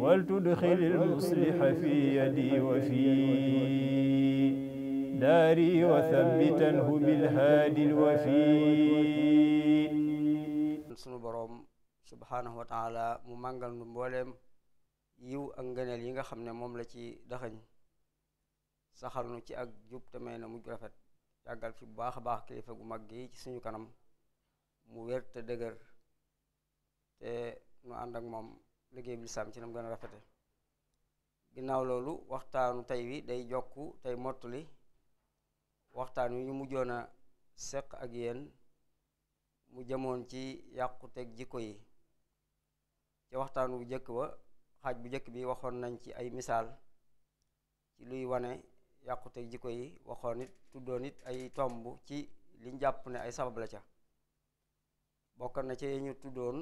ولتدخل المصلح في يدي وفي داري وثبتنه بالهادي الوفي sunu boroom subhaanahu wa taala mu màngal nu mbooleem yiw ak ngëneel yi nga xam ne moom la ci daxañ saxal nu ci ak jub te may na mujj rafet yàggal fi bu baax a baax kilifa gu mag gi ci suñu kanam mu wér te dëgër te nu ànd moom liggéeyub lislaam ci nam gën a rafete ginnaaw loolu waxtaanu tey wi day jokku tey li waxtaan wi ñu mujjoon a seq ak yéen mu jëmoon ci yàquteg jikko yi ci waxtaan wu jëkk ba xaaj bu jëkk bi waxoon nañ ci ay misaal ci luy wane yàquteg jikko yi waxoon it tuddoon it ay tomb ci liñ jàpp ne ay sabab la ca bokk na ci ñu tuddoon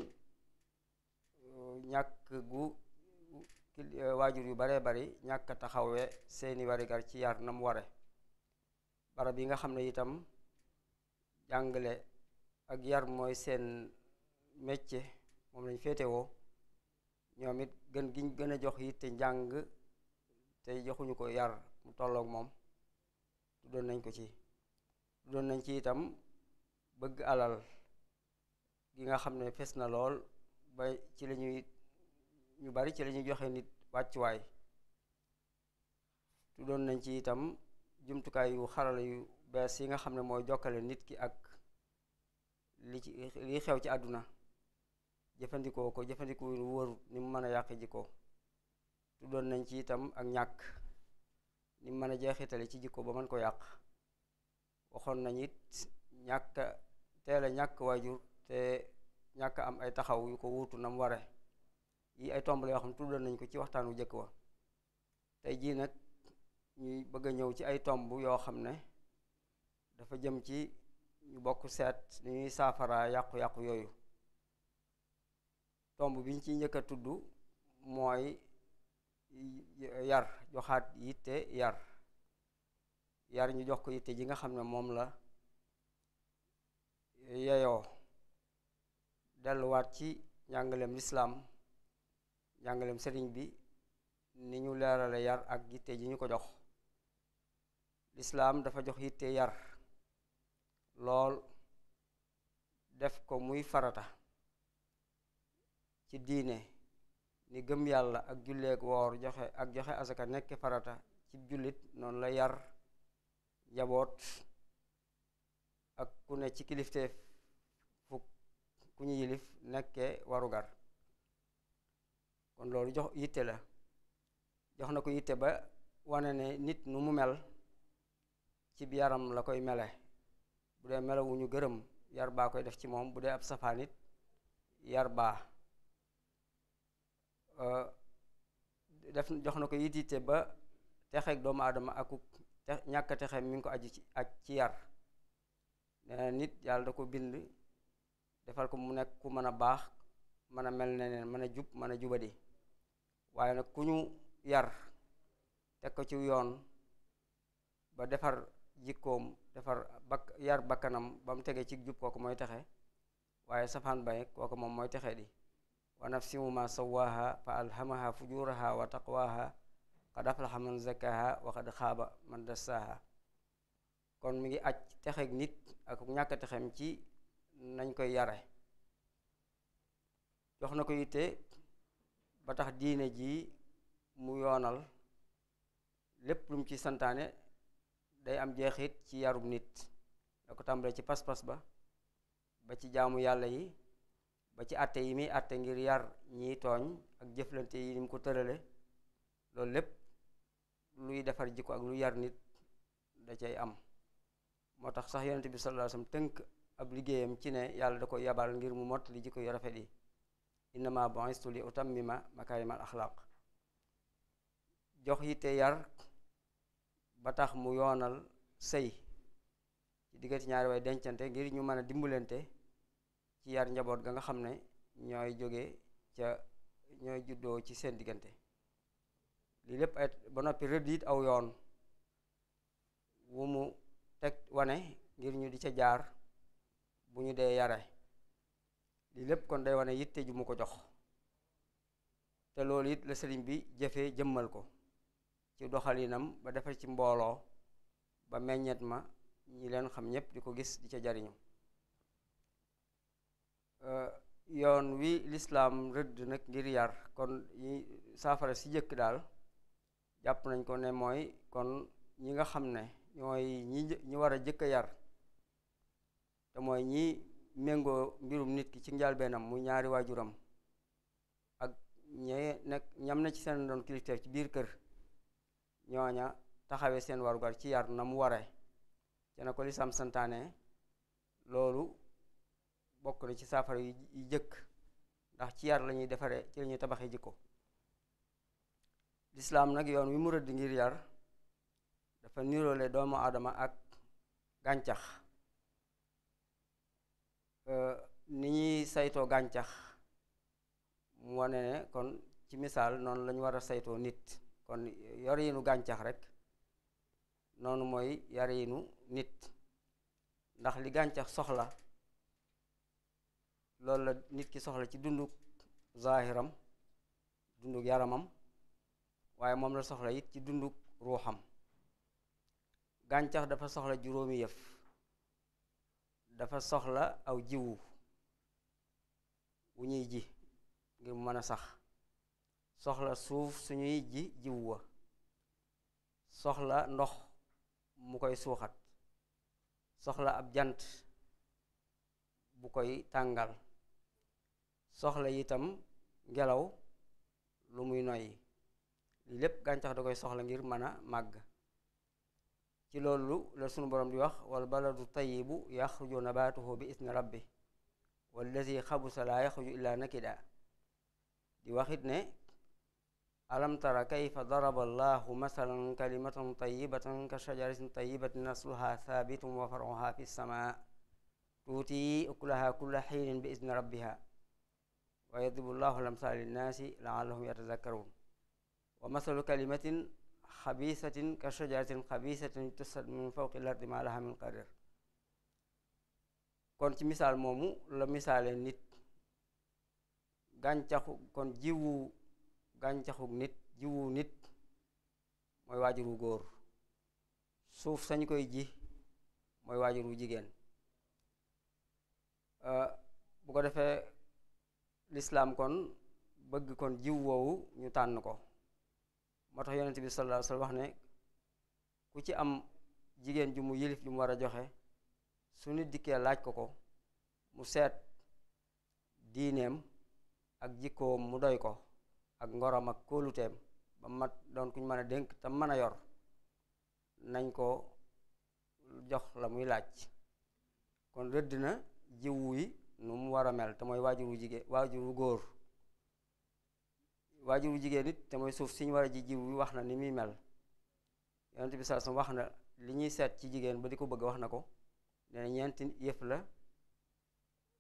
ñàkk gu waajur yu baree bari ñàkk a taxawee seeni warigar ci yar nam ware barab yi nga xam ne itam jàngale ak yar mooy seen métier moom lañ féetewoo ñoom it gën giñ gën a jox it te njàng te joxuñu ko yar mu tolloog moom doon nañ ko ci tuddoon nañ ci itam bëgg alal gi nga xam ne fes na lool ba ci la ñuy ñu bari ci lañuy joxe nit wàccuwaay tuddoon nañ ci itam jumtukaay yu xarala yu bees yi nga xam ne mooy jokkale nit ki ak li ci xew ci àdduna jëfandikoo ko jëfandikoo lu wóorut ni mu mën a yàq jikko tuddoon nañ ci itam ak ñàkk ni mu mën a jeexitale ci jikko ba mën ko yàq waxoon nañ it ñàkk teel a ñàkk waajur te ñàkk am ay taxaw yu ko wuutu na mu ware yii ay tomb la yoo xam ne tuddoon nañ ko ci waxtaanu jëkk wa tey jii nag ñuy bëgg a ñëw ci ay tomb yoo xam ne dafa jëm ci ñu bokk seet ni ñuy saafaraa yàqu-yàqu yooyu tomb bi ci njëkk a tudd mooy yar joxaat yitte yar yar ñu jox ko yitte ji nga xam ne moom la yeyoo delluwaat ci njàngaleem lislaam njàngaleem sëriñ bi ni ñu leerale yar ak yitte ji ñu ko jox lislaam dafa jox yitte yar lool def ko muy farata ci diine ni gëm yàlla ak julleek woor joxe ak joxe asaka nekk farata ci jullit noonu la yar njaboot ak ku ne ci kilifteef ku ñu yilif nekkee warugar kon loolu jox yitte la jox na ko yitte ba wane ne nit nu mu mel ci yaram la koy mele bu dee melewu gërëm yar baa koy def ci moom bu dee ab safaan it yar baa def jox na ko yit yitte ba texeeg doomu aadama akuk ñàkk texe mi ngi ko aj ci yar nee nit yàlla da ko bind defal ko mu nekk ku mën a baax mën a mel neneen mën a jub mën a juba di waaye nag ku ñu yar teg ko ci yoon ba defar jikkoom defar bak yar bakkanam ba mu tege ci jub kooku mooy texe waaye safaan bay kooku moom mooy texe di wa nafsimu ma sawaaha fa alhamaha fujuraha wa taqwaha qad aflaha man zakaha wa qad xaaba man dassaaha kon mi ngi aj texeg nit ak ñàkk texem ci nañ koy yare jox na ko yitte ba tax diine ji mu yoonal lépp lum mu ci santaane day am jeexit ci yarum nit da ko tàmbalee ci pas-pas ba ba ci jaamu yàlla yi ba ci àtte yi muy àtte ngir yar ñiy tooñ ak jëflante yi ni mu ko tërale loolu lépp luy defar jikko ak lu yar nit da cay am moo tax sax yonent bi sallallahu tënk ab liggéeyam ci ne yàlla da ko yabal ngir mu mott li jikko yu rafet yi innama bu'istu li utammima makaarimal axlaaq jox yitte yar ba tax mu yoonal sëy ci diggante ñaari way dencante ngir ñu mën a dimbalante ci yar njaboot ga nga xam ne ñooy jóge ca ñooy juddoo ci seen diggante li lépp ay ba noppi rëdd it aw yoon wu mu teg wane ngir ñu di ca jaar bu ñu dee yare lii lépp kon day wane yitte ju mu ko jox te loolu it la sëriñ bi jëfee jëmmal ko ci doxalinam ba defar ci mbooloo ba meññet ma ñi leen xam ñépp di ko gis di ca jariñu yoon wi lislaam rëdd nag ngir yar kon yi saafara si jëkk daal jàpp nañ ko ne mooy kon ñi nga xam ne ñooy ñi ñi war a jëkk a yar te mooy ñii méngoo mbirum nit ki ci njaalbeenam mu ñaari waajuram ak ñe nekk ñam na ci seen doon kilifteef ci biir kër ñooña taxawee seen warugar ci yar na mu ware te na ko lislaam santaane loolu bokk na ci saafara yu jëkk ndax ci yar lañuy defare ci la ñuy tabaxee jikko lislaam nag yoon wi mu rëdd ngir yar dafa niroole doomu aadama ak gàncax Euh, ni ñuy saytoo gàncax mu wane ne kon ci misaal noonu la ñu war a saytoo nit kon yar gàncax rek noonu mooy yar yi nit ndax li gàncax soxla loolu la nit ki soxla ci dunduk zaahiram dunduk yaramam waaye moom la soxla it ci dunduk ruuxam gàncax dafa soxla juróomi yëf dafa soxla aw jiwu wu ñuy ji ngir mën a sax soxla suuf suñuy ji jiw wa soxla ndox mu koy suuxat soxla ab jant bu koy tàngal soxla itam ngelaw lu muy noy lii lépp gàncax da koy soxla ngir mën a màgg ci loolu la sunu borom di wax wal baladu tayibu yaxruju nabaatuhu bi isni rabbi wallazi xabusa laa yaxruju illa nakida di waxit ne alam tara kayfa daraba allahu masalan kalimatan tayibatan ka shajaratin tayibatin nasluha thabitun wa faruha fi sama tuuti ukulaha kulla xiinin bi isni rabbiha wa yadribu llahu lamsaal linnaasi laallahum yatazakkarun wa masalu kalimatin xabiisatin ka shajaratin xabiisatin tusad min fawqi lardi ma laha min qarir kon ci misaal moomu la misaale nit gàncaxu kon jiwu gàncaxu nit jiwu nit mooy wu góor suuf sañ koy ji mooy wu jigéen uh, bu ko defee lislaam kon bëgg kon jiw woowu ñu tànn ko moo tax yonent bi sallallahu alayhi wa wax ne ku ci am jigéen ju mu yilif ju mu war a joxe su nit dikkee laaj ko ko mu seet diineem ak jikkoom mu doy ko ak ngorom ak kóoluteem ba mat doon kuñ mën a dénk te mën a yor nañ ko jox la muy laaj kon rëdd na jiwu yi nu mu war a mel te mooy waajur wu jigéen waajur wu góor waa wu jigéen it te mooy suuf si ñu war a ji jiw bi wax na ni muy mel yonent bi saa wax na li ñuy seet ci jigéen ba di ko bëgg wax na ko nee ñeenti yëf la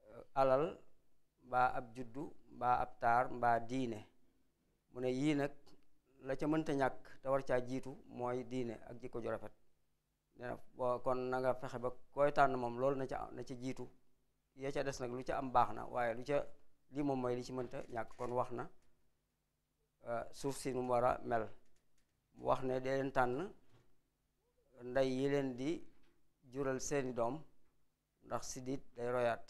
euh, alal mbaa ab juddu mbaa taar mbaa diine mu ne yii nag la ca mënta ñàkk te war caa jiitu mooy diine ak jikko ju rafet nee kon na fexe ba koy tànn moom loolu na ca na jiitu ya ca des nag lu ca am baax na waaye lu ca lii moom mooy li ci mënta ñàkk kon wax na Euh, suuf si nu mu war a mel mu wax ne dee tànn ndey yi leen di jural seeni doom ndax sidit day royaat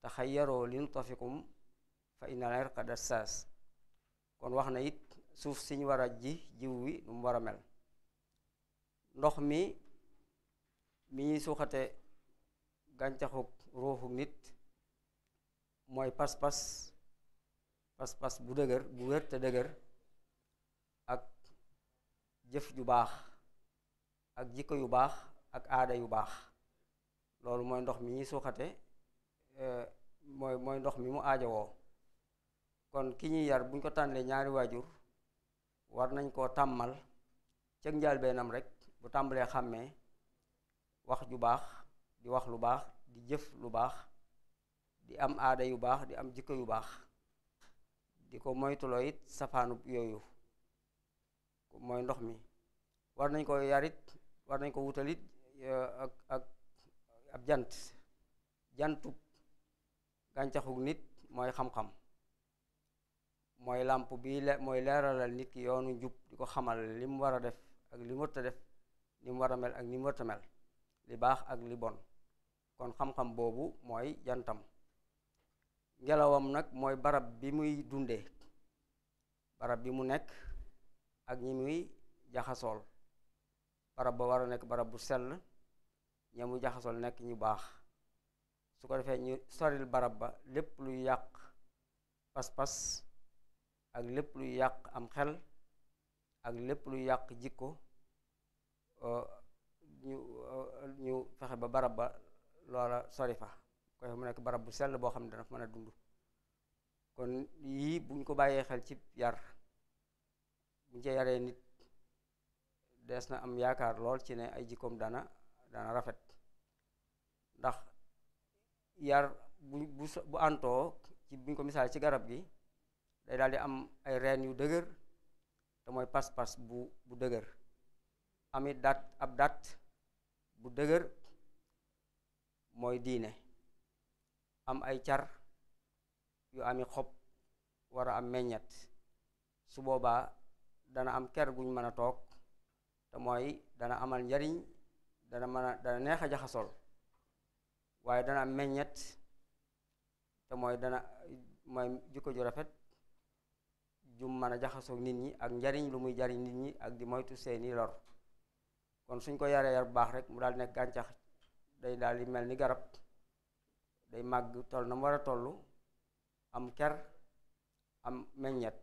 taxayyaroo li nutafikum fa innal irqa dassaas kon wax na it suuf si ñu war a ji jiw wi nu mu war a mel ndox mi mi ñuy suuxate gàncaxuk ruuxu nit mooy pas-pas pas-pas bu dëgër bu wér te dëgër ak jëf ju baax ak jikko yu baax ak aada yu baax loolu mooy ndox mi ñuy suuxate euh, mooy mooy ndox mi mu woo kon ki ñuy yar buñ ko tànnee ñaari waajur war nañ koo tàmmal cëg njaalbeenam rek bu tàmbalee xàmmee wax ju baax di wax lu baax di jëf lu baax di am aada yu baax di am jikko yu baax di ko moytuloo it safaanub yooyu mooy ndox mi war nañ ko yarit war nañ ko wutalit eh, ak ak ab jant jantub gàncaxug nit mooy xam-xam mooy làmp bi le mooy leeralal nit ki yoonu njub di ko xamal li mu war a def ak li mu warta def ni mu war a mel ak ni mu warta mel li baax ak li bon kon xam-xam boobu mooy jantam ngelawam nag mooy barab bi muy dundee barab bi mu nekk ak ñi muy jaxasool barab ba war a nekk barab bu sell ña mu jaxasool nekk ñu baax su ko defee ñu soril barab ba lépp luy yàq pas-pas ak lépp luy yàq am xel ak lépp luy yàq jikko euh, ñu euh, ñu fexe ba barab ba loola sori fa koy mu nekk barab bu sell boo xam ne dana fa a dund kon yii buñ ko bàyyee xel ci yar buñ ci yaree nit des na am yaakaar lool ci ne ay jikkoom dana dana rafet ndax yar bu bu bu antoo ci buñ ko misaal ci garab gi day daal di am ay reen yu dëgër te mooy pas-pas bu bu dëgër amit dat ab dat bu dëgër mooy diine am ay car yu ami xob war a am meññet su boobaa dana am ker guñ mën a toog te mooy dana amal njariñ dana mën a dana neex a jaxasool waaye dana am meññet te mooy dana mooy jikko ju rafet ju mën a jaxasoog nit ñi ak njariñ lu muy jariñ nit ñi ak di moytu seeni lor kon suñ ko yaree yar bu baax rek mu daal nekk gàncax day daal di mel ni garab day màgg toll na mu war a tollu am ker am meññet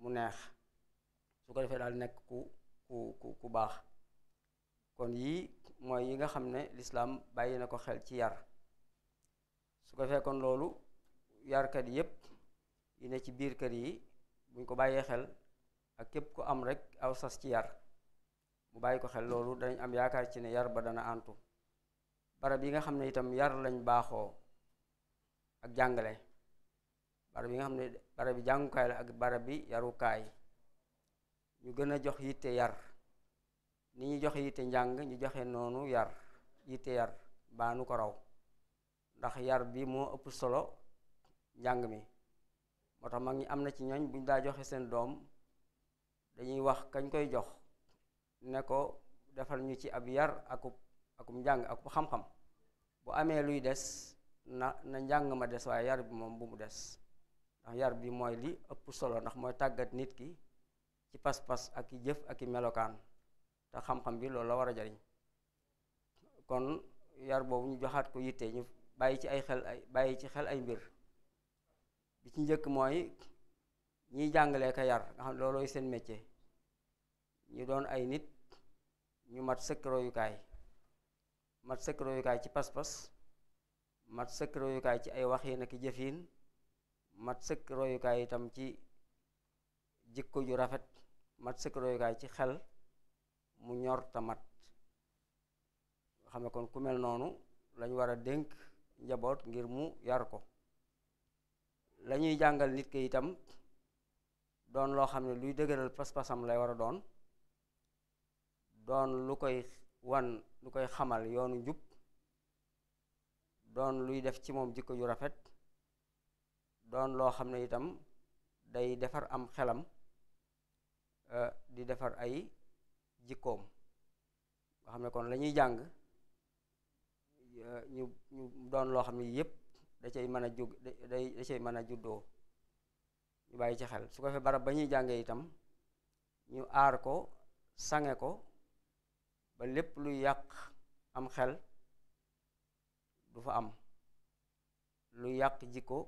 mu neex su ko defee daal nekk ku ku ku baax kon yii mooy yi nga xam ne lislaam bàyyi na ko xel ci yar su ko defee kon loolu yarkat yépp yi ne ci biir kër yi buñ ko bàyyee xel ak képp ku am rek aw sas ci yar mu bàyyi ko xel loolu dañ am yaakaar ci ne yar ba dana antu barab yi nga xam ne itam yar lañ baaxoo ak jàngale barab yi nga xam ne barab bi jàngukaay la ak barab bi yarukaay ñu gën a jox yitte yar ni ñu joxe yitte njàng ñu joxe noonu yar yitte yar baa nu ko raw ndax yar bi moo ëpp solo njàng mi moo tax mag ñi am na ci ñooñ bu ñu daa joxe seen doom dañuy wax kañ koy jox ne ko defal ñu ci ab yar aku akum jàng ak xam-xam bu amee luy des na na njàng ma des waaye yar bi moom bu mu des ndax yar bi mooy li ëpp solo ndax mooy tàggat nit ki ci pas-pas ak i jëf ak i melokaan te xam-xam bi loolu la war a jariñ kon yar boobu ñu joxaat ko yitte ñu bàyyi ci ay xel ay bàyyi ci xel ay mbir bi ci njëkk mooy ñiy jàngalee ko yar nga xam loolooy seen métier ñu doon ay nit ñu mat sëkk royukaay mat sëkk royukaay ci pas-pas mat sëkk royukaay ci ay waxiin ak jëfin mat sëkk royukaay itam ci jikko ju rafet mat sëkk royukaay ci xel mu ñor ta mat nga xam ne kon ku mel noonu lañu war a dénk njaboot ngir mu yar ko lañuy jàngal nit ki itam doon loo xam ne luy dëgëral pas-pasam lay war a doon doon lu koy wan lu koy xamal yoonu njub doon luy def ci moom jikko ju rafet doon loo xam ne itam day defar am xelam eh, di defar ay jikkoom nga xam ne kon lañuy jàng eh, ñu doon loo xam ne yépp da cay mën a jug day mën a juddoo ñu bàyyi ci xel su ko fee barab ba ñuy jàngee itam ñu aar ko sange ko ba lépp luy yàq am xel du fa am lu yàq jikko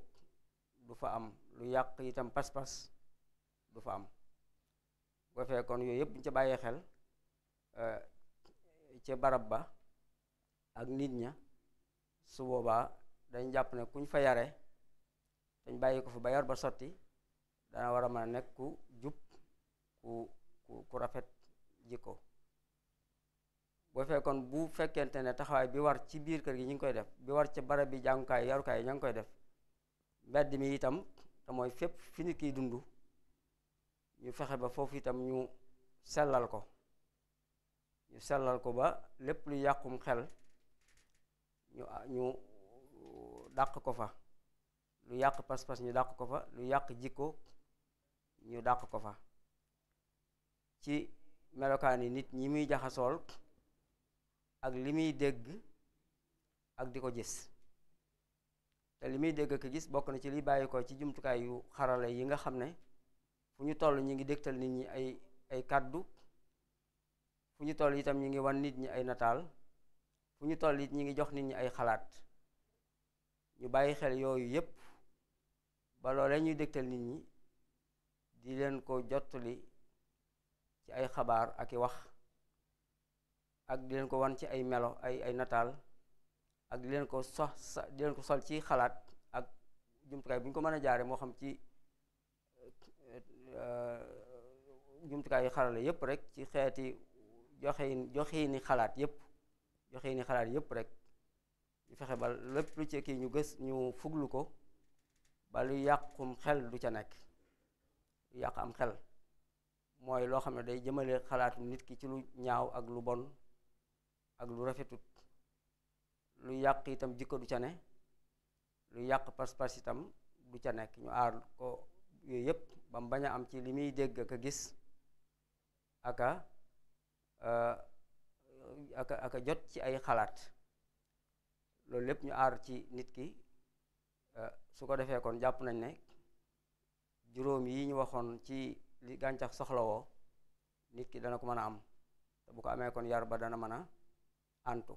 du fa am lu yàq itam pas-pas du fa am bu fee kon yooyu yëpp ñu ca bàyyee xel eh, ca barab ba ak nit ña su boobaa dañ jàpp ne kuñ fa yare dañ bàyyi ko fa ba yar ba sotti dana war a mën a nekk ku jub ku ku ku rafet jikko boo fekkoon bu fekkente ne taxawaay bi war ci biir kër gi ñu ngi koy def bi war ci barab bi jàngukaay yarukaay yi ña ngi koy def mbedd mi itam te mooy fépp fi nit kiy dund ñu fexe ba foofu itam ñu sellal ko ñu sellal ko ba lépp lu yàqum xel ñu ñu dàq ko fa lu yàq pas-pas ñu dàq ko fa lu yàq jikko ñu dàq ko fa ci melokaani nit ñi muy jaxasool ak li muy dégg ak di ko gis te li muy dégg ak gis bokk na ci li bàyyi ko ci jumtukaay yu xarala yi nga xam ne fu ñu toll ñu ngi dégtal nit ñi ay ay kàddu fu ñu toll itam ñu ngi wan nit ñi ay nataal fu ñu toll it ñi ngi jox nit ñi ay xalaat ñu bàyyi xel yooyu yépp ba loolee ñuy dégtal nit ñi di leen ko jottali ci ay xabaar ak wax ak di leen ko wan ci ay melo ay ay nataal ak di leen ko sox sol ci xalaat ak jumtukaay bu ñu ko mën a jaare moo xam ci eh, eh, jumtukaay yu xarale yépp rek ci xeeti joxe joxe ni xalaat yépp joxe ni xalaat yépp rek ñu fexe ba lépp lu ci kii ñu gës ñu fuglu ko bal lu yàqum xel du ca nekk yàq am xel mooy loo xam ne day jëmale xalaatu nit ki ci lu ñaaw ak lu bon ak lu rafetut lu yàq itam jikko du ca ne lu yàq pas-pas itam du ca nekk ñu aar ko yooyu yépp ba mu bañ a am ci li muy dégg ak a gis aka euh, aka jot ci ay xalaat loolu lépp ñu aar ci nit ki euh, su ko defee kon jàpp nañ ne juróom yi ñu waxoon ci li gàncax soxlawoo nit ki dana ko mën a am te bu ko amee kon yar ba dana mën a antu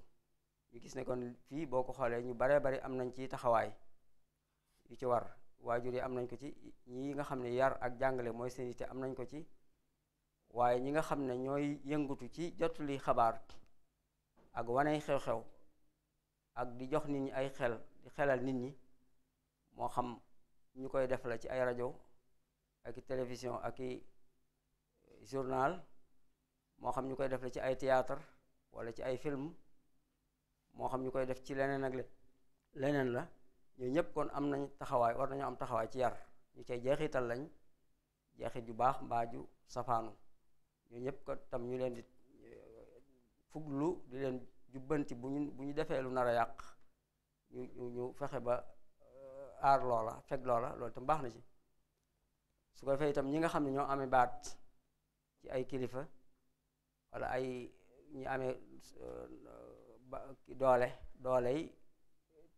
ñu gis ne kon fii boo ko xoolee ñu baree bari am nañ ci taxawaay yu ci war waajur yi am nañ ko ci ñi nga xam ne yar ak jàngale mooy seen yitte am nañ ko ci waaye ñi nga xam ne ñooy yëngatu ci jotuli xabaar ak waney xew-xew ak di jox nit ñi ay xel di xelal nit ñi moo xam ñu koy def la ci ay rajo ak i télévision ak i journal moo xam ñu koy def la ci ay théâtre wala ci ay film moo xam ñu koy def ci leneen ak leneen la ñoo ñëpp kon am nañ taxawaay war nañoo am taxawaay ci yar ñu cay jeexital lañ jeexit ju baax mbaa ju safaanu ñoo ñëpp ko tam ñu leen di eh, fuglu di leen jubbanti bu ñu bu ñu defee lu nar a yàq ñu ñu fexe ba eh, aar loola fekk loola loolu tam baax na ci su ko defee itam ñi nga xam ne ñoo amee baat ci ay kilifa wala ay ñu amee euh, doole doole yi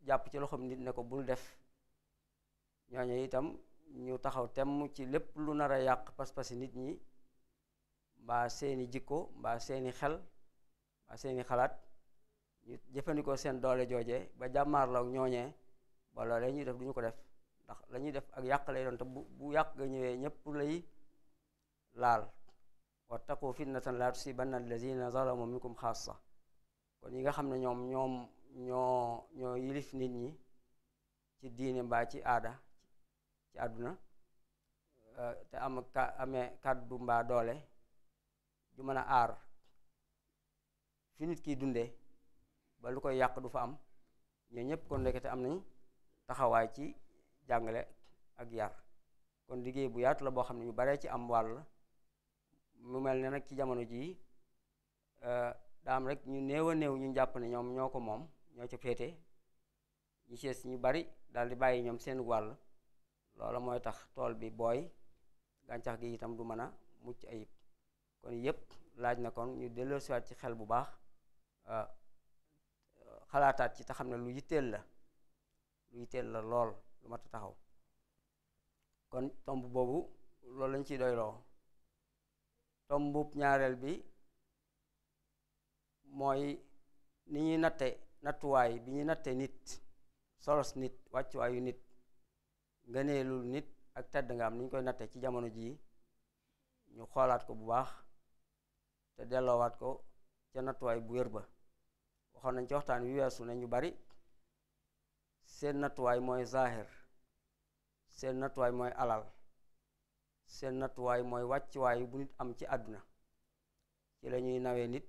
jàpp ci loxoom nit ne ko bul def ñooñu itam ñu taxaw temm ci lépp lu nar a yàq pas-pasi nit ñi mbaa seeni jikko mbaa seeni xel mbaa seeni xalaat ñu jëfandikoo seen doole jooje ba jàmmaarloo ak ñooñee ba loolee ñuy def du ñu ko def ndax lañuy def ak yàq lay doon te bu bu yàq nga ñëwee ñëpp lay laal takkoo na fitnatan laa tusibanna allazina zalamu xaas xaasa kon yi nga xam ne ñoom ñoom ñoo ñoo yilif nit ñi ci diine mbaa ci aada ci àdduna euh, te am ka amee kàddu mbaa doole ju mën a aar fi nit kiy dundee ba lu koy yàq du fa am ñoo ñëpp kon ndekete am nañu taxawaay ci jàngale ak yar kon liggéey bu yaatu la boo xam ne ñu baree ci am wàll mu mel ne nag ci jamono jii euh, daam rek ñu néewa a néew ñu jàpp ne ñoom ñoo ko moom ñoo ca féete ñi sees ñu bari daal di bàyyi ñoom seen wàll loola mooy tax tool bi booy gàncax gi itam du mën a mucc ayib kon yépp laaj na kon ñu delloosiwaat ci xel bu baax euh, xalaataat ci te xam ne lu yitteel la lu yitteel la lool lu mat a taxaw kon tomb boobu loolu lañ ciy doyloo tombub ñaareel bi mooy ni ñuy natte nattuwaay bi ñuy nattee nit solos nit wàccuwaayu nit nga ngëneelul nit ak tedd nga am ni ñu koy nattee ci jamono jii ñu xoolaat ko bu baax te delloowaat ko ca nattuwaay bu wér ba waxoon nañ ci waxtaan wi weesu ne ñu bari seen nattuwaay mooy zaahir seen nattuwaay mooy alal seen nattuwaay mooy wàccuwaay bu nit am ci àdduna ci la ñuy nawee nit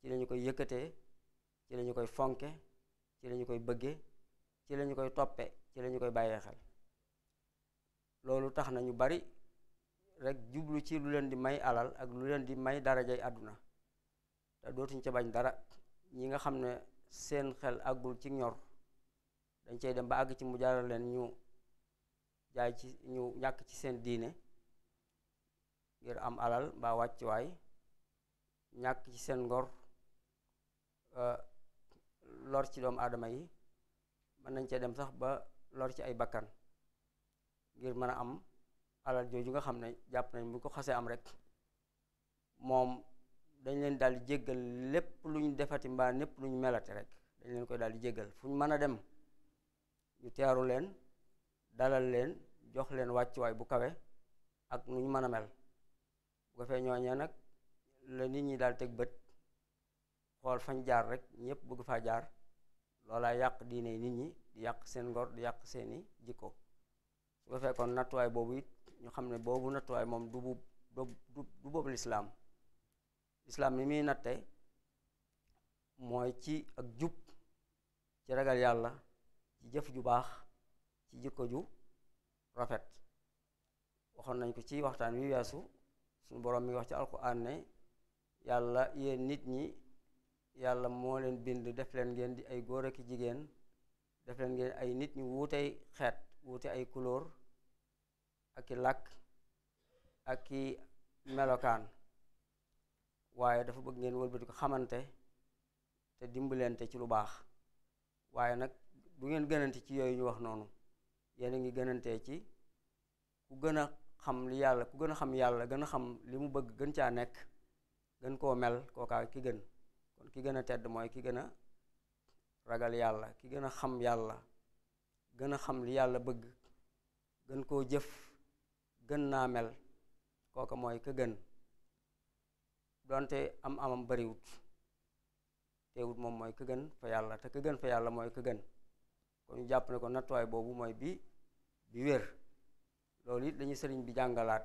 ci la koy yëkkatee ci la koy fonke ci la koy bëggee ci la koy toppe ci la koy bàyyee xel loolu tax na ñu bari rekk jublu ci lu leen di may alal ak lu leen di may darajay àdduna te dootuñ ca bañ dara ñi nga xam ne seen xel àggul ci ñor dañ cay dem ba àgg ci mu jaaral leen ñu jaay ci ñu ñàkk ci seen diine ngir am alal mbaa wàccuwaay ñàkk ci seen ngor euh, lor ci doomu aadama yi mën nañ cee dem sax ba lor ci ay bakkan ngir mën a am alal jooju nga xam ne jàpp nañ bu ko xasee am rek moom dañ leen daal di jéggal lépp lu ñu defati mbaa lépp lu ñu melati rek dañ leen koy daal di jéggal fu ñu mën a dem ñu teeru leen dalal leen jox leen wàccuwaay bu kawe ak nu ñu mën a mel bu ko fee ñooñee nag la nit ñi daal teg bët xool fañ jaar rek ñëpp bëgg faa jaar loolaa yàq diine yi nit ñi di yàq seen ngor di yàq seeni jikko su ko fekkoon nattuwaay boobu it ñu xam ne boobu nattuwaay moom du bu du boobu lislaam lislaam mi muy natte mooy ci ak jub ci ragal yàlla ci jëf ju baax jikko ju rafet waxoon nañ ko ci waxtaan wi weesu suñu boroom mi wax ci alquran ne yàlla yéen nit ñi yàlla moo leen bind def leen ngeen di ay góor ak jigéen def leen ngeen ay nit ñu wuutey xeet wuute ay couleur ak i làkk ak i melokaan waaye dafa bëgg ngeen wëlbati ko xamante te dimbalante ci lu baax waaye nag du ngeen gënante ci yooyu ñu wax noonu yéen a ngi gënantee ci ku gën a xam li yàlla ku gën a xam yàlla gën a xam li mu bëgg gën caa nekk gën koo mel kookaa ki gën kon ki gën a tedd mooy ki gën a ragal yàlla ki gën a xam yàlla gën a xam li yàlla bëgg gën koo jëf gën naa mel kooka mooy ka gën donte am amam bariwut teewut moom mooy ka gën fa yàlla te ka gën fa yàlla mooy ka gën kon ñu jàpp ne ko nattuwaay boobu mooy bi bi wér loolu it dañuy sëriñ bi jàngalaat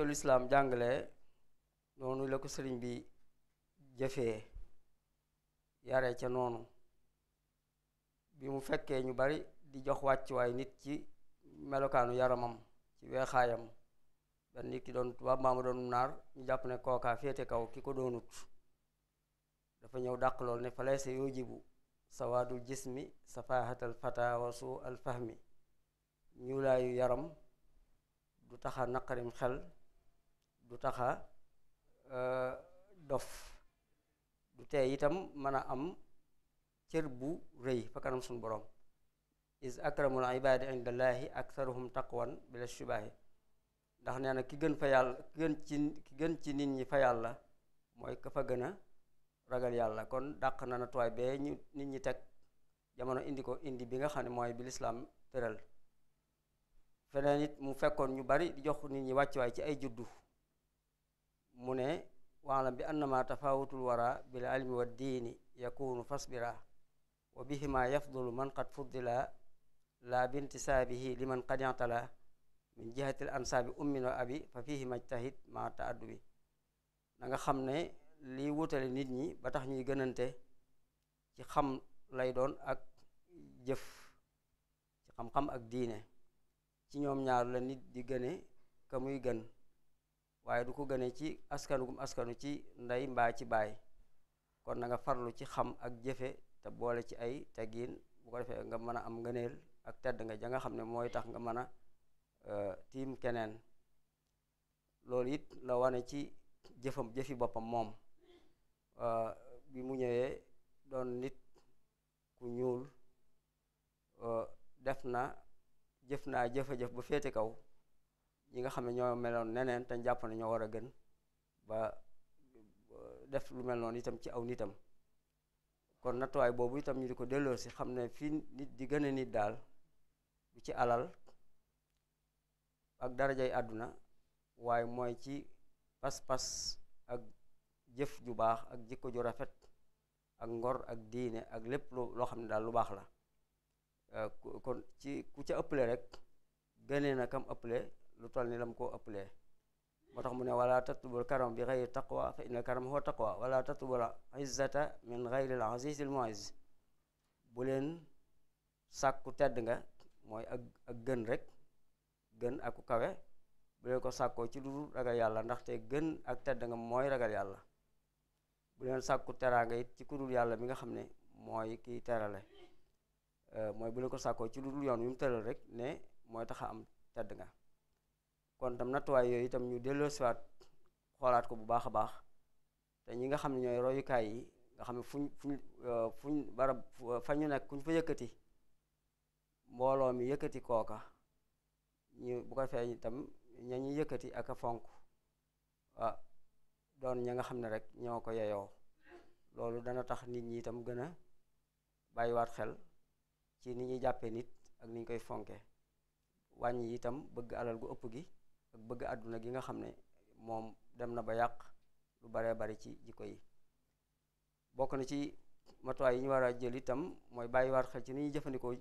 ko jàngale noonu la ko sëriñ bi jëfee yare ca noonu bi mu fekkee ñu bari di jox wàccuwaay nit ci melokaanu yaramam ci weexaayam benn nit ki doon tubaab maamu doon naar ñu jàpp ne kookaa féete kaw ki ko doonut dafa ñëw dàq lool ne falaysa yujibu sawaadul jismi safahatal fata wa su al fahmi ñuulaayu yaram du taxa naqarim xel du taxa euh, dof du tee itam mën a am cër bu rëy fa kanam suñu borom is akramul ibaadi indallahi aktharuhum taqwan bila shubaahi ndax nee na ki gën fa yàlla ki gën ci ki gën ci nit ñi fa yàlla mooy ka fa gën a ragal yàlla kon dàq na na tuwaay bee ñu nit ñi teg jamono indi ko indi bi nga xam ne mooy bi lislaam tëral feneen it mu fekkoon ñu bari di jox nit ñi wàccuwaay ci ay juddu mu ne waalam bi annama tafawutul wara bil ilmi wa diini yakunu fasbira wa bihima yafdulu man qad fuddila la bintisaabihi liman qad yatala min jihatil ansaabi ummin wa abi fa fihima ijtahid ma taaddubi na nga xam ne liy wutale nit ñi ba tax ñuy gënante ci xam lay doon ak jëf ci xam-xam ak diine ci ñoom ñaar la nit di gëne ka muy gën waaye du ko gënee ci askanu askanu ci ndey mbaa ci baay kon na nga farlu ci xam ak jëfe te boole ci ay teggin bu ko defee nga mën a am ngëneel ak tedd nga ja nga xam ne mooy tax nga mën a euh, tiim keneen loolu it la wane ci jëfam jëfi boppam moom euh, bi mu ñëwee doon nit ku ñuul euh, def na jëf naa jëfa jëf bu féete kaw ñi nga xam ne ñoo meloon neneen te jàpp ne ñoo war a gën ba def lu mel noonu itam ci aw nitam kon nattuwaay boobu itam ñu di ko delloo si xam ne fii nit di gën a nit daal du ci alal ak darajay àdduna waaye mooy ci pas-pas ak jëf ju baax ak jikko ju rafet ak ngor ak diine ak lépp loo xam ne daal lu baax la euh, kon ci ku ca ëppale rek gënee na kam ëpple lu toll ni lam koo ëpple moo tax mu ne walla tatlubul karam bi xayri taqwa fa inna karam huwa taqwa wala tatlubul izzata min xayri al azizil muizz bu leen sàkku tedd nga mooy ak ak gën rek gën aku kawe bu leen ko sàkkoo ci lu dul ragal yàlla te gën ak tedd nga mooy ragal yàlla bu leen sàkku teraanga it ci ku dul yàlla mi nga xam ne mooy kiy terale euh, mooy bu leen ko sàkkoo ci lu dul yoon wi mu tëral rek ne mooy tax a am tedd nga kon tam nattuwaay yooyu itam ñu delloosiwaat xoolaat ko bu baax a baax te ñi nga xam ne ñooy royukaay yi nga xam ne fuñ fuñ euh, fuñ barab fa ñu kuñ fa yëkkati mbooloo mi yëkkati kooka ñu bu ko fee itam ña ñu yëkkati ak a fonk ah doon ña nga xam ne rek ñoo ko yeyoo loolu dana tax nit ñi itam gën a bàyyiwaat xel ci ni ñuy jàppee nit ak ni ñu koy fonke wàññi itam bëgg alal gu ëpp gi ak bëgg àdduna gi nga xam ne moom dem na ba yàq lu baree bari ci jikko yi bokk na ci matuwaay yi ñu war a jël itam mooy bàyyiwaat xel ci ni ñuy jëfandikoo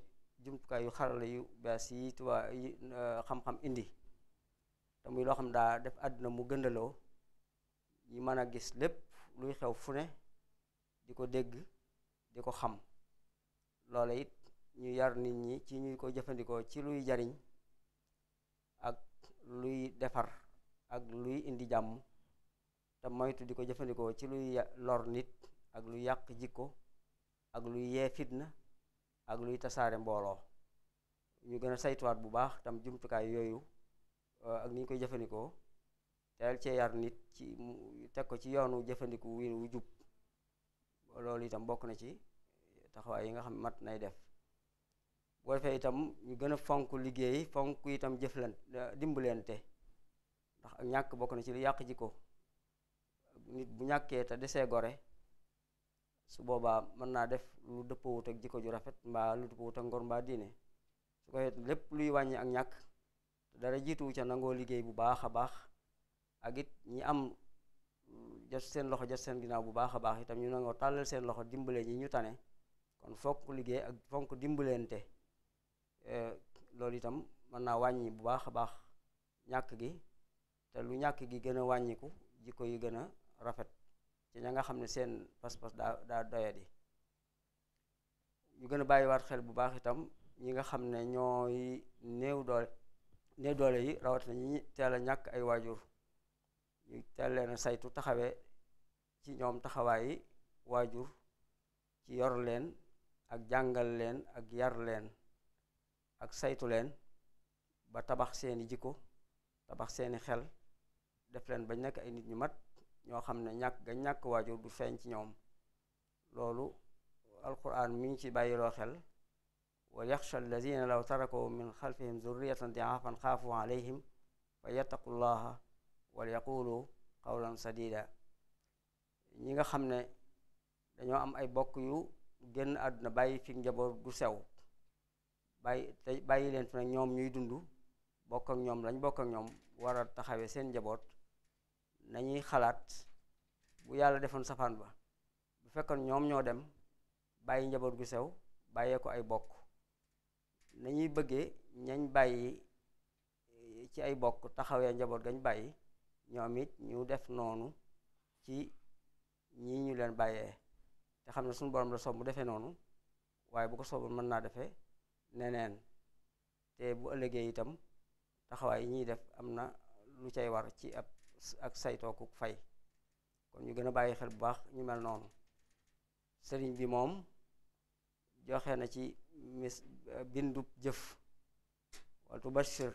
jumtukaay yu xarala yu bees yi tubaab yi euh, xam-xam indi te muy loo xam daa def àdduna mu gëndaloo ñu mën a gis lépp luy xew fu ne di ko dégg di ko xam loola it ñu yar nit ñi ci ñu ko jëfandikoo ci luy jariñ luy defar ak luy indi jàmm te moytu di ko jëfandikoo ci luy lor nit ak luy yàq jikko ak luy yee na ak luy tasaare mbooloo ñu gën a saytuwaat bu baax tam jumtukaay yooyu euh, ak ni ñu koy jëfandikoo teel cee yar nit ci teg ko ci yoonu jëfandiku wiin wu jub loolu itam bokk na ci taxawaay yi nga xam mat nay def boo defee itam ñu gën a fonk liggéey fonk itam jëflan eh, dimbalante ndax ak ñàkk bokk na ci lu yàq jikko nit bu ñàkkee te desee gore su boobaa mën naa def lu dëppawut ak jikko ju rafet mbaa lu dëppawut ak ngor mbaa diine su ko lépp luy wàññi ak ñàkk dara jiituwu ca nangoo liggéey bu baax a baax ak it ñi am jot seen loxo jot seen ginnaaw bu baax a baax itam ñu nangoo tàllal seen loxo dimbalee ñi ñu tane kon fokk liggéey ak fonk dimbalente Eh, loolu itam mën naa wàññi bu baax a baax ñàkk gi te lu ñàkk gi gën a wàññiku jikko yi gën a rafet ci ña nga xam ne seen pas-pas daa daa doyadi ñu gën a bàyyiwaat xel bu baax itam ñi nga xam ne ñooy néew doole néew doole yi rawatina ñi teel a ñàkk ay waajur ñu teel leen saytu taxawe ci ñoom taxawaayi waajur ci yor leen ak jàngal leen ak yar leen ak saytu leen ba tabax seeni jikko tabax seeni xel def leen ba nekk ay nit ñu mat ñoo xam ne ñàkk ga ñàkk waajur du feeñ ci ñoom loolu alquran mu ngi ci bàyyiloo xel wa yaxsha alladina law tarako min xalfihim zurriyatan diafan xaafu alayhim fa yattaqullaha wal yaqulu qawlan sadida ñi nga xam ne dañoo am ay bokk yu génn àdduna bàyyi fi njaboot gu sew bàyyi te bàyyi leen fi nag ñoom ñuy dund bokk ñoom lañ bokk ak ñoom war a taxawee seen njaboot nañuy xalaat bu yàlla defoon safaan ba bu fekkoon ñoom ñoo dem bàyyi njaboot gu sew bàyyee ko ay bokk nañuy bëggee ñañ bàyyi eh, ci ay bokk taxawee njaboot gañ bàyyi ñoom it ñu def noonu ci ñii ñu leen bàyyee te xam ne suñu borom la soob mu defee noonu waaye bu ko soobul mën naa defee neneen te bu ëllëgee itam taxawaay yi ñuy def am na lu cay war ci ab saytoo saytooku fay kon ñu gën a bàyyi xel bu baax ñu mel noonu sëriñ bi moom joxe na ci mis bindub jëf wal tubashir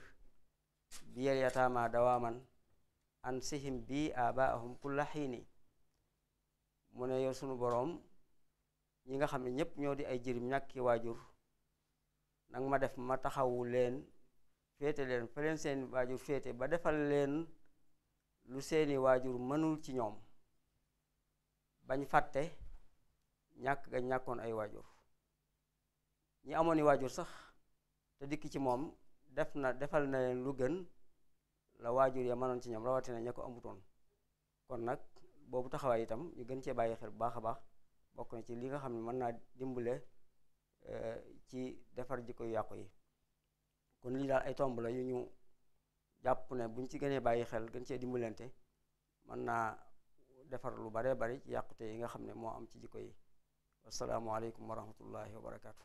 biyal yataama dawaaman an sihim bi abaahum kulla xiini mu ne yow sunu boroom ñi nga xam ne ñépp ñoo di ay jirim ñàkki waajur nanga ma def ma taxawu leen féete leen fa seeni waajur féete ba defal leen lu seeni waajur mënul ci ñoom bañ fàtte ñàkk nga ñàkkoon ay waajur ñi amoon i waajur sax te dikk ci moom def na defal na leen lu gën la waajur ya mënoon ci ñoom rawatina ña ko amutoon kon nag boobu taxawaay itam ñu gën cee bàyyi xel bu baax a baax bokk na ci li nga xam ne mën naa dimbale Eh, ci defar jikko yu yàqu yi kon lii daal ay tomb la yu ñu jàpp ne buñ ci gënee bàyyi xel gën cee dimbalante mën naa defar lu baree bari ci yàqute yi nga xam ne moo am ci jikko yi wasalaamualeykum wa rahmatullahi wa barakaatu.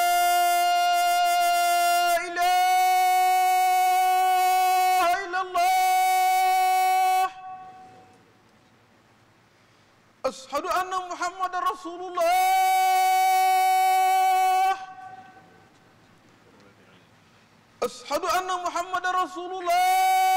anna muhammada rasulullah ashhadu anna muhammada rasulullah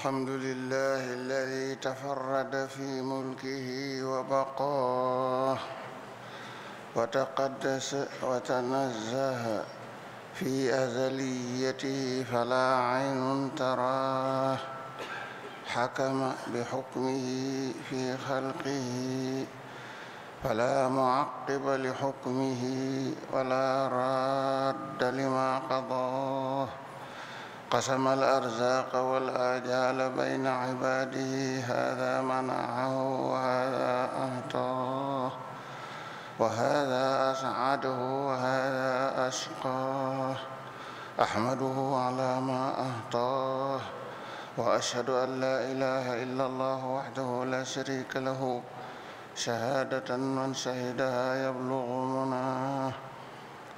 الحمد لله الذي تفرد في ملكه وبقاه وتقدس وتنزه في أزليته فلا عين تراه حكم بحكمه في خلقه فلا معقب لحكمه ولا راد لما قضاه قسم الأرزاق والآجال بين عباده هذا منعه وهذا أهطاه وهذا أسعده وهذا أشقاه أحمده على ما أهطاه وأشهد أن لا إله إلا الله وحده لا شريك له شهادة من شهدها يبلغ مناه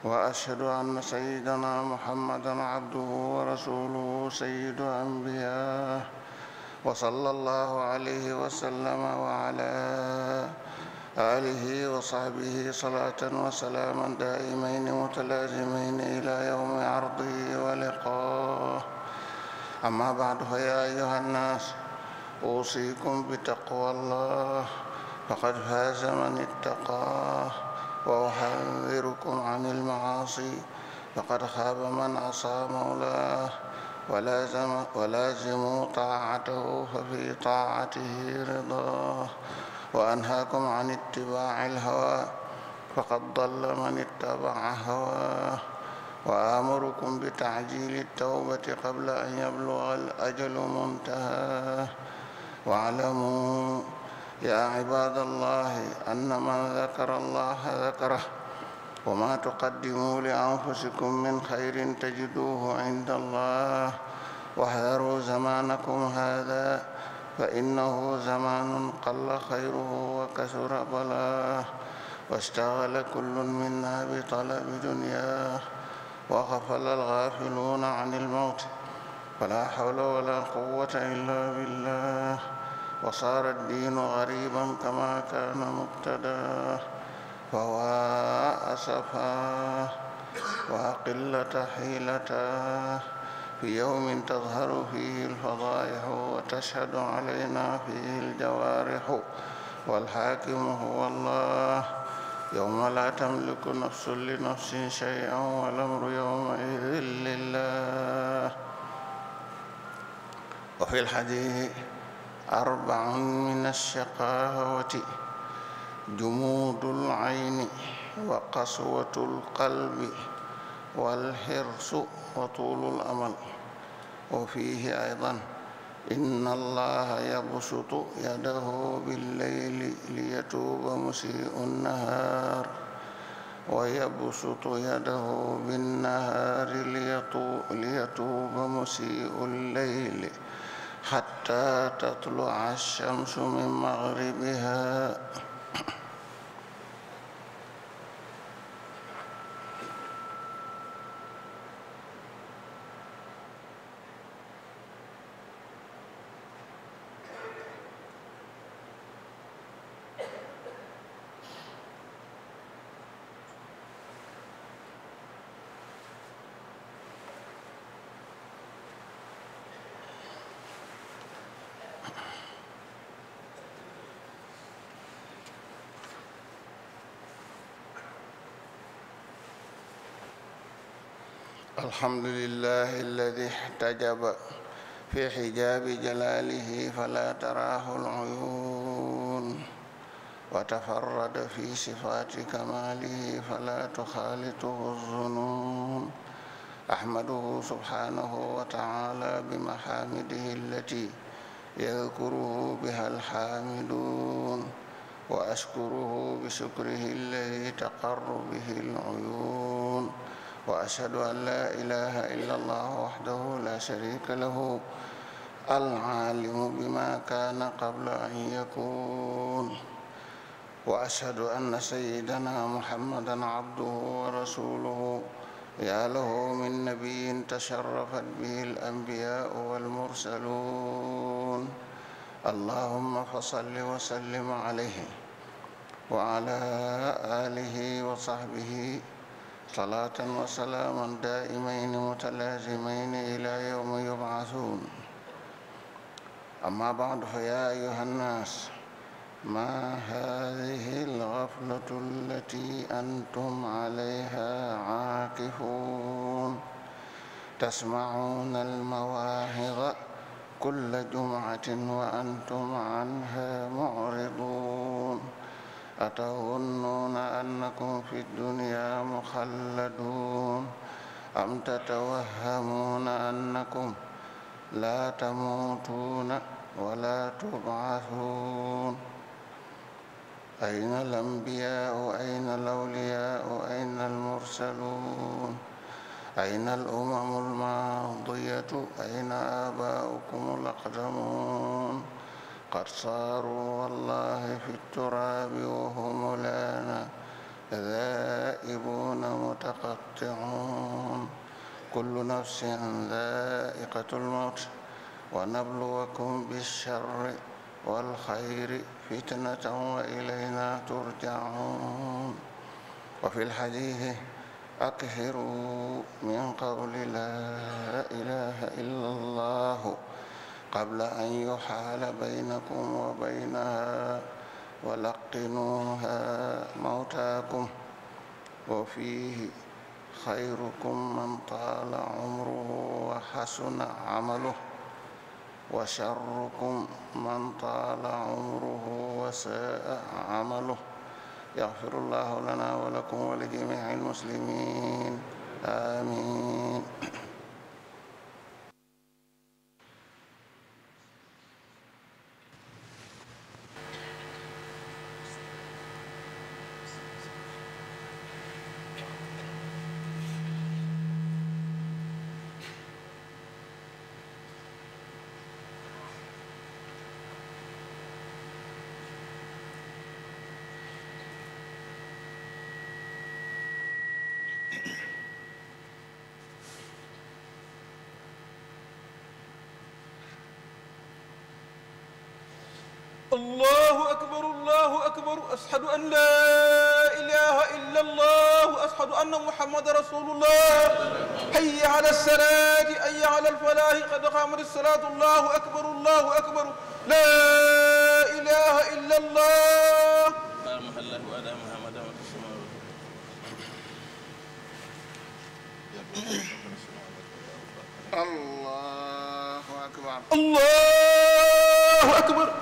وأشهد أن سيدنا محمدا عبده ورسوله سيد أنبياء وصلى الله عليه وسلم وعلى آله وصحبه صلاة وسلاما دائمين متلازمين إلى يوم عرضه ولقاه أما بعد فيا أيها الناس أوصيكم بتقوى الله فقد فاز من اتقاه وأحذركم عن المعاصي فقد خاب من عصى مولاه ولازم ولازموا طاعته ففي طاعته رضاه وأنهاكم عن اتباع الهوى فقد ضل من اتبع هواه وآمركم بتعجيل التوبة قبل أن يبلغ الأجل منتهاه واعلموا يا عباد الله أن من ذكر الله ذكره وما تقدموا لأنفسكم من خير تجدوه عند الله واحذروا زمانكم هذا فإنه زمان قل خيره وكثر بلاه واشتغل كل منا بطلب دنياه وغفل الغافلون عن الموت فلا حول ولا قوة إلا بالله وصار الدين غريبا كما كان مقتداه فوا أسفاه وقلة حيلتاه في يوم تظهر فيه الفضائح وتشهد علينا فيه الجوارح والحاكم هو الله يوم لا تملك نفس لنفس شيئا والأمر يومئذ لله وفي الحديث أربع من الشقاوة جمود العين وقسوة القلب والحرص وطول الأمل وفيه أيضا إن الله يبسط يده بالليل ليتوب مسيء النهار ويبسط يده بالنهار ليتوب مسيء الليل حتى تطلع الشمس من مغربها الحمد لله الذي احتجب في حجاب جلاله فلا تراه العيون وتفرد في صفات كماله فلا تخالطه الظنون أحمده سبحانه وتعالى بمحامده التي يذكره بها الحامدون وأشكره بشكره الذي تقر به العيون وأشهد أن لا إله إلا الله وحده لا شريك له العالم بما كان قبل أن يكون وأشهد أن سيدنا محمدا عبده ورسوله يا له من نبي تشرفت به الأنبياء والمرسلون اللهم فصل وسلم عليه وعلى آله وصحبه صلاة وسلاما دائمين متلازمين إلى يوم يبعثون أما بعد فيا أيها الناس ما هذه الغفلة التي أنتم عليها عاكفون تسمعون المواعظ كل جمعة وأنتم عنها معرضون أتظنون أنكم في الدنيا مخلدون أم تتوهمون أنكم لا تموتون ولا تبعثون أين الأنبياء أين الأولياء أين المرسلون أين الأمم الماضية أين آباؤكم الأقدمون قد صاروا والله في التراب وهم لنا ذائبون متقطعون كل نفس ذائقة الموت ونبلوكم بالشر والخير فتنة وإلينا ترجعون وفي الحديث أكثروا من قول لا إله إلا الله قبل أن يحال بينكم وبينها ولقنوها موتاكم وفيه خيركم من طال عمره وحسن عمله وشركم من طال عمره وساء عمله يغفر الله لنا ولكم ولجميع المسلمين آمين allahu akbar allahu akbar ashhadu an la ilaha illa allah ashhadu anna muhammadan rasulullah hayya ala salaati hayya ala alfalahi qad qaamat salaatu allahu akbar allahu akbar la ilaha illa allah allahu akbar allahu akbar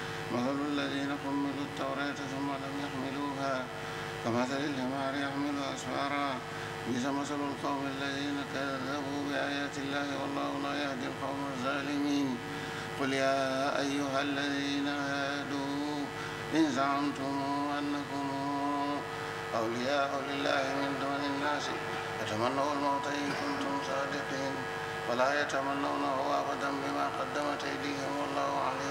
مثل الذين حملوا التوراة ثم لم يحملوها كمثل الحمار يحمل أسفارا بئس مثل القوم الذين كذبوا بآيات الله والله لا يهدي القوم الظالمين قل يا أيها الذين هادوا إن زعمتم أنكم أولياء لله من دون الناس يتمنوا الموت إن كنتم صادقين ولا يتمنونه أبدا بما قدمت أيديهم والله عليم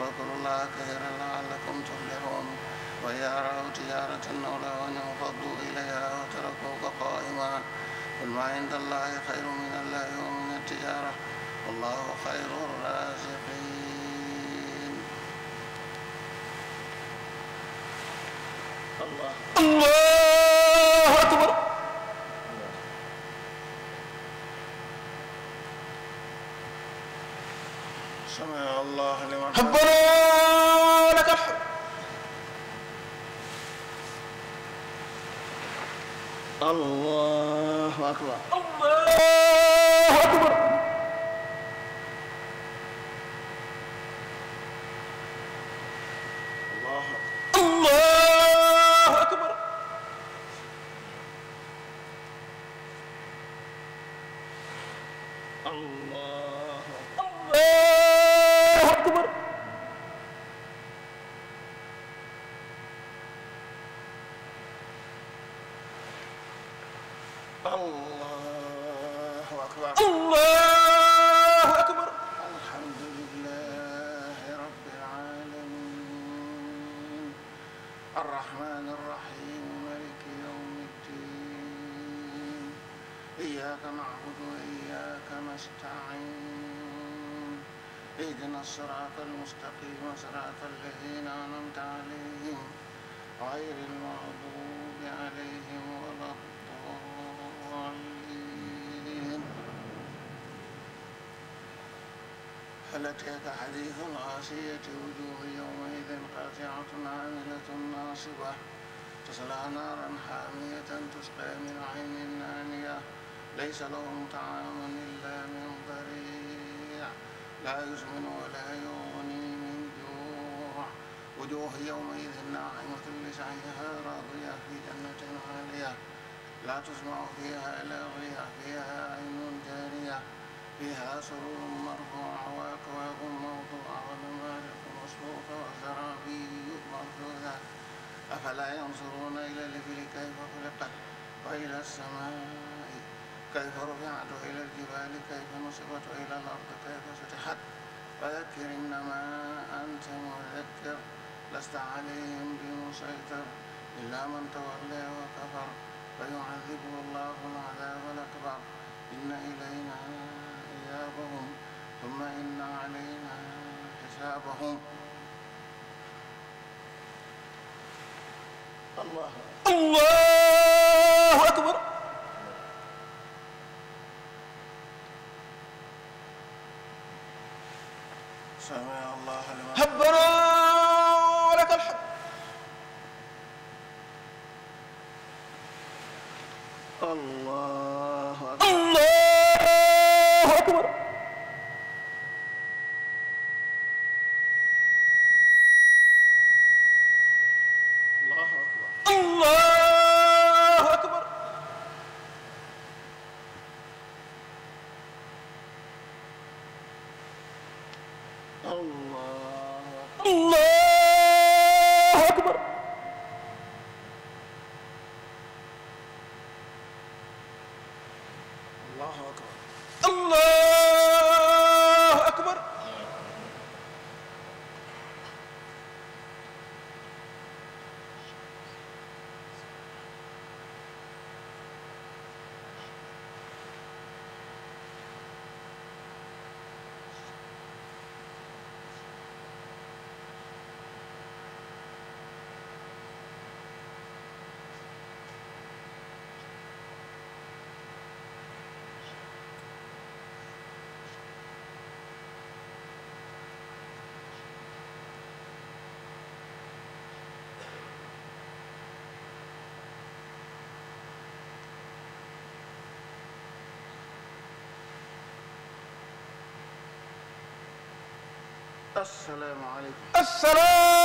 واذكروا الله كثيرا لعلكم تفلحون وإن رأوا تجارة أو لهوا انفضوا إليها وتركوك قائما قل ما عند الله خير من الله ومن التجارة والله خير الرازقين الله الله سمع الله لمن ربنا لك الحمد الله أكبر الله الصراط المستقيم صراط الذين أنعمت عليهم غير المغضوب عليهم ولا الضالين هل أتيك حديث العاصية وجوه يومئذ قاطعة عاملة ناصبة تصلى نارا حامية تسقى من عين آنية ليس لهم طعام إلا من لا يسمن ولا يغني من جوع وجوه يومئذ ناعمة لسعيها راضية في جنة عالية لا تسمع فيها لاغية فيها عين جارية فيها سرور مرفوعة وأكواب موضوعة ونمارق مصفوفة وزرابي مردودة أفلا ينظرون إلى الإبل كيف خلقت وإلى السماء كيف رفعت إلى الجبال كيف نصبت إلى الأرض كيف فتحت فذكر إنما أنت مذكر لست عليهم بمسيطر إلا من تولى وكفر فيعذبه الله العذاب الأكبر إن إلينا إيابهم ثم إن علينا حسابهم الله الله ربنا لك الحمد الله أكبر الله akbar asalaamaaleykum.